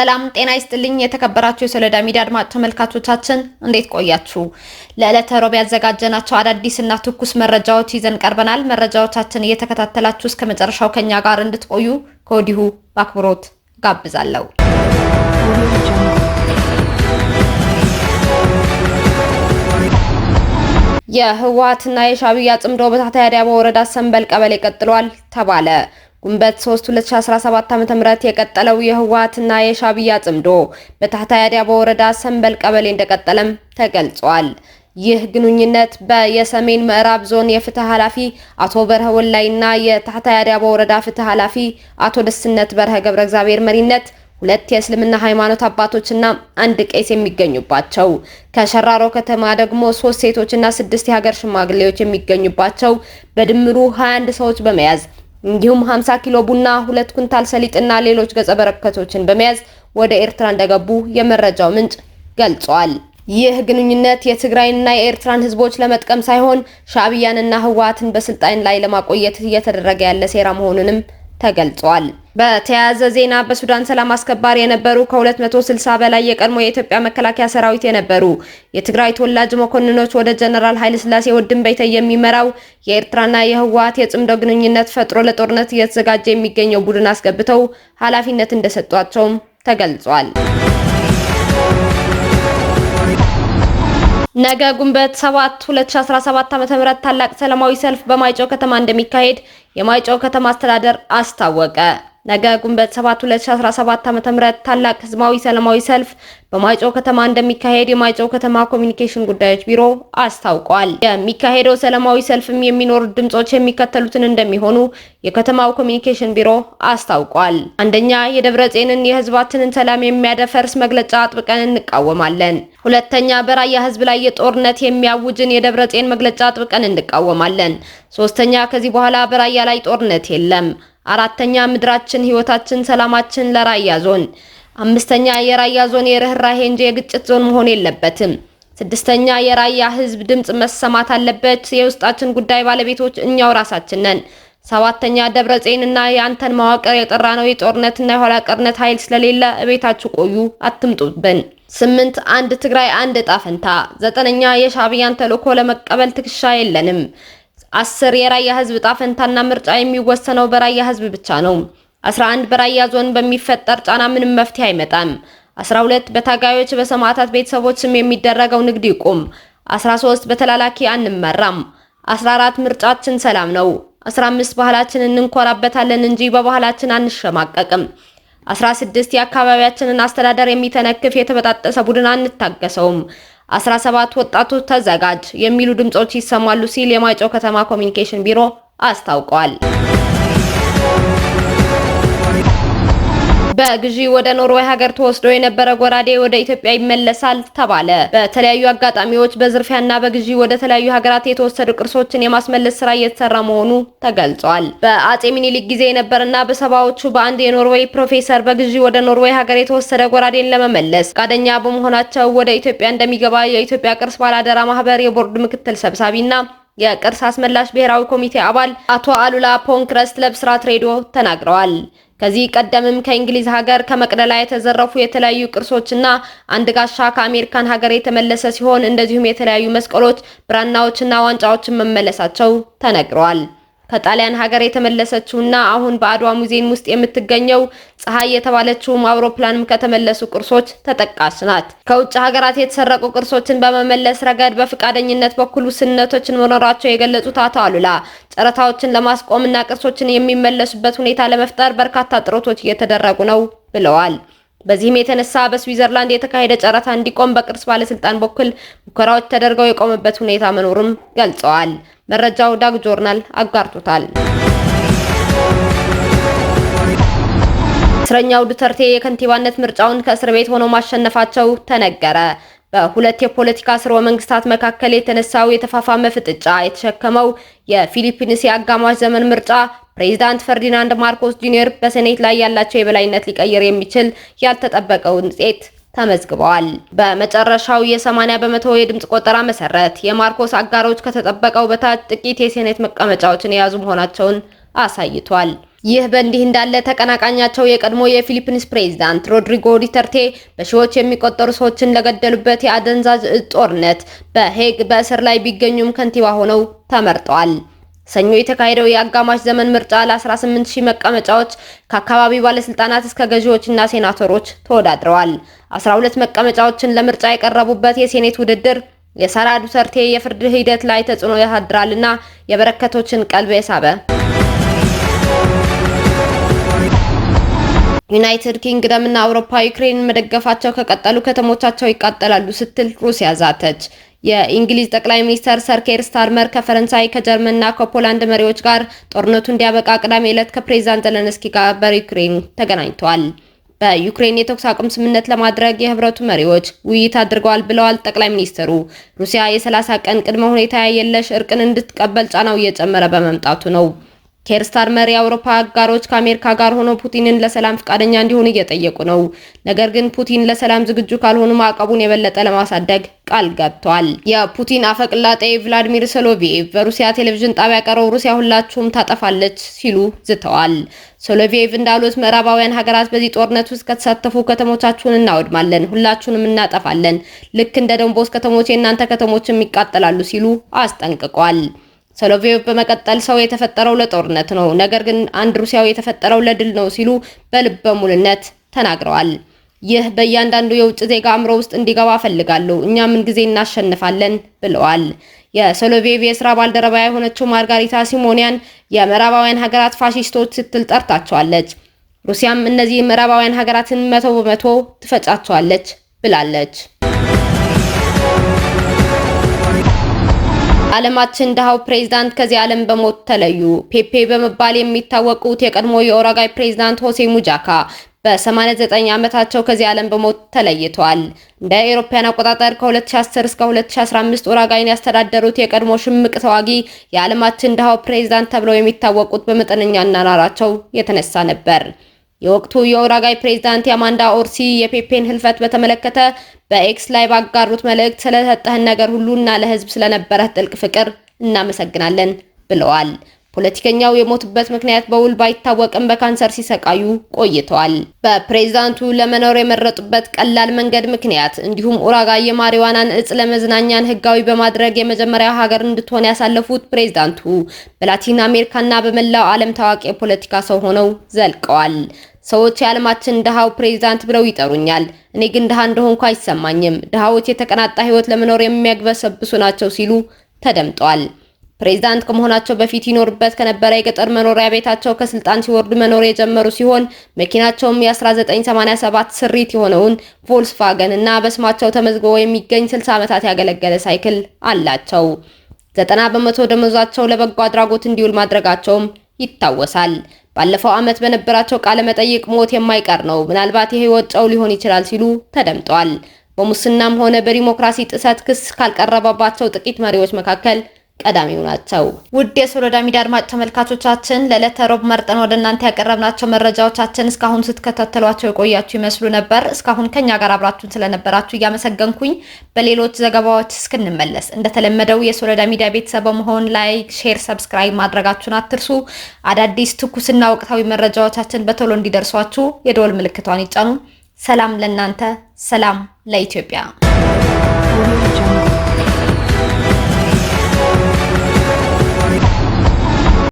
ሰላም ጤና ይስጥልኝ። የተከበራችሁ የሶሎዳ ሚዲያ አድማጭ ተመልካቾቻችን እንዴት ቆያችሁ? ለዕለተ ሮብ ያዘጋጀናቸው አዳዲስና ትኩስ መረጃዎች ይዘን ቀርበናል። መረጃዎቻችን እየተከታተላችሁ እስከ መጨረሻው ከኛ ጋር እንድትቆዩ ከወዲሁ በአክብሮት ጋብዛለሁ። የህወሓትና የሻዕቢያ ጽምዶ በታታያ ዳቦ ወረዳ ሰንበል ቀበሌ ቀጥሏል ተባለ። ግንቦት 3 2017 ዓ.ም የቀጠለው የህወሓትና የሻዕቢያ ጽምዶ በታህታይ አድያቦ ወረዳ ሰንበል ቀበሌ እንደቀጠለም ተገልጿል። ይህ ግንኙነት በየሰሜን ምዕራብ ዞን የፍትህ ኃላፊ አቶ በርሀ ወላይና የታህታይ አድያቦ ወረዳ ፍትህ ኃላፊ አቶ ደስነት በርሀ ገብረ እግዚአብሔር መሪነት ሁለት የእስልምና ሃይማኖት አባቶችና አንድ ቄስ የሚገኙባቸው ከሸራሮ ከተማ ደግሞ ሶስት ሴቶችና ስድስት የሀገር ሽማግሌዎች የሚገኙባቸው በድምሩ 21 ሰዎች በመያዝ እንዲሁም 50 ኪሎ ቡና፣ ሁለት ኩንታል ሰሊጥና ሌሎች ገጸ በረከቶችን በመያዝ ወደ ኤርትራ እንደገቡ የመረጃው ምንጭ ገልጿል። ይህ ግንኙነት የትግራይንና የኤርትራን ህዝቦች ለመጥቀም ሳይሆን ሻዕቢያንና ህወሓትን በስልጣን ላይ ለማቆየት እየተደረገ ያለ ሴራ መሆኑንም ተገልጿል። በተያያዘ ዜና በሱዳን ሰላም አስከባሪ የነበሩ ከ260 በላይ የቀድሞ የኢትዮጵያ መከላከያ ሰራዊት የነበሩ የትግራይ ተወላጅ መኮንኖች ወደ ጀነራል ኃይለሥላሴ ወድንበይተ የሚመራው የኤርትራና የህወሓት የጽምዶ ግንኙነት ፈጥሮ ለጦርነት እየተዘጋጀ የሚገኘው ቡድን አስገብተው ኃላፊነት እንደሰጧቸውም ተገልጿል። ነገ ግንቦት 7 2017 ዓ.ም ታላቅ ሰላማዊ ሰልፍ በማይጨው ከተማ እንደሚካሄድ የማይጨው ከተማ አስተዳደር አስታወቀ። ነገ ግንቦት 7 2017 ዓ.ም ታላቅ ህዝባዊ ሰላማዊ ሰልፍ በማይጨው ከተማ እንደሚካሄድ የማይጨው ከተማ ኮሚኒኬሽን ጉዳዮች ቢሮ አስታውቋል። የሚካሄደው ሰላማዊ ሰልፍም የሚኖሩ ድምጾች የሚከተሉትን እንደሚሆኑ የከተማው ኮሚኒኬሽን ቢሮ አስታውቋል። አንደኛ፣ የደብረጼንን የህዝባችንን ሰላም የሚያደፈርስ መግለጫ አጥብቀን እንቃወማለን። ሁለተኛ፣ በራያ ህዝብ ላይ የጦርነት የሚያውጅን የደብረጼን መግለጫ አጥብቀን እንቃወማለን። ሶስተኛ፣ ከዚህ በኋላ በራያ ላይ ጦርነት የለም። አራተኛ ምድራችን፣ ህይወታችን፣ ሰላማችን ለራያ ዞን። አምስተኛ የራያ ዞን የርህራሄ እንጂ የግጭት ዞን መሆን የለበትም። ስድስተኛ የራያ ህዝብ ድምፅ መሰማት አለበት። የውስጣችን ጉዳይ ባለቤቶች እኛው ራሳችን ነን። ሰባተኛ ደብረ ጽዮንና የአንተን መዋቅር የጠራ ነው። የጦርነትና የኋላ ቀርነት ኃይል ስለሌለ እቤታችሁ ቆዩ፣ አትምጡብን። ስምንት አንድ ትግራይ አንድ እጣ ፈንታ። ዘጠነኛ የሻዕቢያን ተልእኮ ለመቀበል ትከሻ የለንም። አስር የራያ ህዝብ ጣፈንታና ምርጫ የሚወሰነው በራያ ህዝብ ብቻ ነው። 11 በራያ ዞን በሚፈጠር ጫና ምንም መፍትሄ አይመጣም። 12 በታጋዮች በሰማዕታት ቤተሰቦች ስም የሚደረገው ንግድ ይቁም። 13 በተላላኪ አንመራም። 14 ምርጫችን ሰላም ነው። 15 ባህላችን እንንኮራበታለን እንጂ በባህላችን አንሸማቀቅም። 16 የአካባቢያችንን አስተዳደር የሚተነክፍ የተበጣጠሰ ቡድን አንታገሰውም። 17 ወጣቶች ተዘጋጅ የሚሉ ድምጾች ይሰማሉ ሲል የማይጨው ከተማ ኮሚኒኬሽን ቢሮ አስታውቋል። በግዢ ወደ ኖርዌይ ሀገር ተወስዶ የነበረ ጎራዴ ወደ ኢትዮጵያ ይመለሳል ተባለ። በተለያዩ አጋጣሚዎች በዝርፊያና በግዢ ወደ ተለያዩ ሀገራት የተወሰዱ ቅርሶችን የማስመለስ ስራ እየተሰራ መሆኑ ተገልጿል። በአጼ ሚኒሊክ ጊዜ የነበረና በሰባዎቹ በአንድ የኖርዌይ ፕሮፌሰር በግዢ ወደ ኖርዌይ ሀገር የተወሰደ ጎራዴን ለመመለስ ፈቃደኛ በመሆናቸው ወደ ኢትዮጵያ እንደሚገባ የኢትዮጵያ ቅርስ ባላደራ ማህበር የቦርድ ምክትል ሰብሳቢና የቅርስ አስመላሽ ብሔራዊ ኮሚቴ አባል አቶ አሉላ ፖንክረስት ለብስራት ሬዲዮ ተናግረዋል። ከዚህ ቀደምም ከእንግሊዝ ሀገር ከመቅደላ የተዘረፉ የተለያዩ ቅርሶችና አንድ ጋሻ ከአሜሪካን ሀገር የተመለሰ ሲሆን እንደዚሁም የተለያዩ መስቀሎች፣ ብራናዎችና ዋንጫዎችን መመለሳቸው ተነግረዋል። ከጣሊያን ሀገር የተመለሰችውና አሁን በአድዋ ሙዚየም ውስጥ የምትገኘው ፀሐይ የተባለችውም አውሮፕላንም ከተመለሱ ቅርሶች ተጠቃሽ ናት። ከውጭ ሀገራት የተሰረቁ ቅርሶችን በመመለስ ረገድ በፈቃደኝነት በኩል ውስንነቶችን መኖራቸው የገለጹት አቶ አሉላ ጨረታዎችን ለማስቆምና ቅርሶችን የሚመለሱበት ሁኔታ ለመፍጠር በርካታ ጥረቶች እየተደረጉ ነው ብለዋል። በዚህም የተነሳ በስዊዘርላንድ የተካሄደ ጨረታ እንዲቆም በቅርስ ባለስልጣን በኩል ሙከራዎች ተደርገው የቆመበት ሁኔታ መኖሩም ገልጸዋል። መረጃው ዳግ ጆርናል አጋርቶታል። እስረኛው ዱተርቴ የከንቲባነት ምርጫውን ከእስር ቤት ሆኖ ማሸነፋቸው ተነገረ። በሁለት የፖለቲካ ስርወ መንግስታት መካከል የተነሳው የተፋፋመ ፍጥጫ የተሸከመው የፊሊፒንስ የአጋማሽ ዘመን ምርጫ ፕሬዚዳንት ፈርዲናንድ ማርኮስ ጁኒየር በሴኔት ላይ ያላቸው የበላይነት ሊቀይር የሚችል ያልተጠበቀውን ውጤት ተመዝግበዋል። በመጨረሻው የ80 በመቶ የድምጽ ቆጠራ መሰረት የማርኮስ አጋሮች ከተጠበቀው በታች ጥቂት የሴኔት መቀመጫዎችን የያዙ መሆናቸውን አሳይቷል። ይህ በእንዲህ እንዳለ ተቀናቃኛቸው የቀድሞ የፊሊፒንስ ፕሬዝዳንት ሮድሪጎ ዱተርቴ በሺዎች የሚቆጠሩ ሰዎችን ለገደሉበት የአደንዛዥ እጽ ጦርነት በሄግ በእስር ላይ ቢገኙም ከንቲባ ሆነው ተመርጠዋል። ሰኞ የተካሄደው የአጋማሽ ዘመን ምርጫ ለ18000 መቀመጫዎች ከአካባቢ ባለስልጣናት እስከ ገዢዎችና ሴናተሮች ተወዳድረዋል። 12 መቀመጫዎችን ለምርጫ የቀረቡበት የሴኔት ውድድር የሳራ ዱተርቴ የፍርድ ሂደት ላይ ተጽዕኖ ያሳድራልና የበረከቶችን ቀልብ የሳበ ዩናይትድ ኪንግደም እና አውሮፓ ዩክሬንን መደገፋቸው ከቀጠሉ ከተሞቻቸው ይቃጠላሉ ስትል ሩሲያ ዛተች። የእንግሊዝ ጠቅላይ ሚኒስተር ሰር ኬር ስታርመር ከፈረንሳይ ከጀርመንና ከፖላንድ መሪዎች ጋር ጦርነቱ እንዲያበቃ ቅዳሜ ዕለት ከፕሬዚዳንት ዘለንስኪ ጋር በዩክሬን ተገናኝተዋል። በዩክሬን የተኩስ አቁም ስምምነት ለማድረግ የህብረቱ መሪዎች ውይይት አድርገዋል ብለዋል ጠቅላይ ሚኒስትሩ። ሩሲያ የ30 ቀን ቅድመ ሁኔታ የለሽ እርቅን እንድትቀበል ጫናው እየጨመረ በመምጣቱ ነው። ኬር ስታርመር የአውሮፓ አጋሮች ከአሜሪካ ጋር ሆነው ፑቲንን ለሰላም ፈቃደኛ እንዲሆኑ እየጠየቁ ነው። ነገር ግን ፑቲን ለሰላም ዝግጁ ካልሆኑ ማዕቀቡን የበለጠ ለማሳደግ ቃል ገብተዋል። የፑቲን አፈቅላጤ ቭላዲሚር ሶሎቪዬቭ በሩሲያ ቴሌቪዥን ጣቢያ ቀረው ሩሲያ ሁላችሁም ታጠፋለች ሲሉ ዝተዋል። ሶሎቪዬቭ እንዳሉት ምዕራባውያን ሀገራት በዚህ ጦርነት ውስጥ ከተሳተፉ ከተሞቻችሁን እናወድማለን፣ ሁላችሁንም እናጠፋለን፣ ልክ እንደ ደንቦስ ከተሞች የእናንተ ከተሞችም ይቃጠላሉ ሲሉ አስጠንቅቋል። ሶሎቬዮቭ በመቀጠል ሰው የተፈጠረው ለጦርነት ነው፣ ነገር ግን አንድ ሩሲያው የተፈጠረው ለድል ነው ሲሉ በልበ ሙልነት ተናግረዋል። ይህ በእያንዳንዱ የውጭ ዜጋ አእምሮ ውስጥ እንዲገባ እፈልጋለሁ። እኛ ምን ጊዜ እናሸንፋለን ብለዋል። የሶሎቬቭ የስራ ባልደረባ የሆነችው ማርጋሪታ ሲሞኒያን የምዕራባውያን ሀገራት ፋሺስቶች ስትል ጠርታቸዋለች። ሩሲያም እነዚህ ምዕራባውያን ሀገራትን መቶ በመቶ ትፈጫቸዋለች ብላለች። አለማችን ድሃው ፕሬዝዳንት ከዚህ ዓለም በሞት ተለዩ። ፔፔ በመባል የሚታወቁት የቀድሞ የኦራጋይ ፕሬዝዳንት ሆሴ ሙጃካ በ89 ዓመታቸው ከዚህ ዓለም በሞት ተለይቷል። እንደ አውሮፓውያን አቆጣጠር ከ2010 እስከ 2015 ኡራጋይን ያስተዳደሩት የቀድሞ ሽምቅ ተዋጊ የዓለማችን ድሃው ፕሬዝዳንት ተብለው የሚታወቁት በመጠነኛ አኗኗራቸው የተነሳ ነበር። የወቅቱ የኡራጋይ ፕሬዝዳንት የአማንዳ ኦርሲ የፔፔን ህልፈት በተመለከተ በኤክስ ላይ ባጋሩት መልእክት ስለሰጠህን ነገር ሁሉ እና ለህዝብ ስለነበረህ ጥልቅ ፍቅር እናመሰግናለን ብለዋል። ፖለቲከኛው የሞቱበት ምክንያት በውል ባይታወቅም በካንሰር ሲሰቃዩ ቆይተዋል። በፕሬዝዳንቱ ለመኖር የመረጡበት ቀላል መንገድ ምክንያት እንዲሁም ኡራጋይ የማሪዋናን እጽ ለመዝናኛን ህጋዊ በማድረግ የመጀመሪያ ሀገር እንድትሆን ያሳለፉት ፕሬዝዳንቱ በላቲን አሜሪካና በመላው ዓለም ታዋቂ የፖለቲካ ሰው ሆነው ዘልቀዋል። ሰዎች የዓለማችን ድሃው ፕሬዚዳንት ብለው ይጠሩኛል። እኔ ግን ድሃ እንደሆንኩ አይሰማኝም። ድሃዎች የተቀናጣ ህይወት ለመኖር የሚያግበሰብሱ ናቸው ሲሉ ተደምጠዋል። ፕሬዚዳንት ከመሆናቸው በፊት ይኖርበት ከነበረ የገጠር መኖሪያ ቤታቸው ከስልጣን ሲወርዱ መኖር የጀመሩ ሲሆን መኪናቸውም የ1987 ስሪት የሆነውን ቮልስቫገን እና በስማቸው ተመዝግቦ የሚገኝ 60 ዓመታት ያገለገለ ሳይክል አላቸው። ዘጠና በመቶ ደመወዛቸው ለበጎ አድራጎት እንዲውል ማድረጋቸውም ይታወሳል። ባለፈው ዓመት በነበራቸው ቃለ መጠይቅ ሞት የማይቀር ነው፣ ምናልባት የህይወት ጨው ሊሆን ይችላል ሲሉ ተደምጠዋል። በሙስናም ሆነ በዲሞክራሲ ጥሰት ክስ ካልቀረበባቸው ጥቂት መሪዎች መካከል ቀዳሚው ናቸው። ውድ የሶሎዳ ሚዲያ አድማጭ ተመልካቾቻችን ለዕለተ ሮብ መርጠን ወደ እናንተ ያቀረብናቸው መረጃዎቻችን እስካሁን ስትከታተሏቸው የቆያችሁ ይመስሉ ነበር። እስካሁን ከኛ ጋር አብራችሁን ስለነበራችሁ እያመሰገንኩኝ በሌሎች ዘገባዎች እስክንመለስ እንደተለመደው የሶሎዳ ሚዲያ ቤተሰብ በመሆን ላይክ፣ ሼር፣ ሰብስክራይብ ማድረጋችሁን አትርሱ። አዳዲስ ትኩስና ወቅታዊ መረጃዎቻችን በቶሎ እንዲደርሷችሁ የደወል ምልክቷን ይጫኑ። ሰላም ለእናንተ፣ ሰላም ለኢትዮጵያ።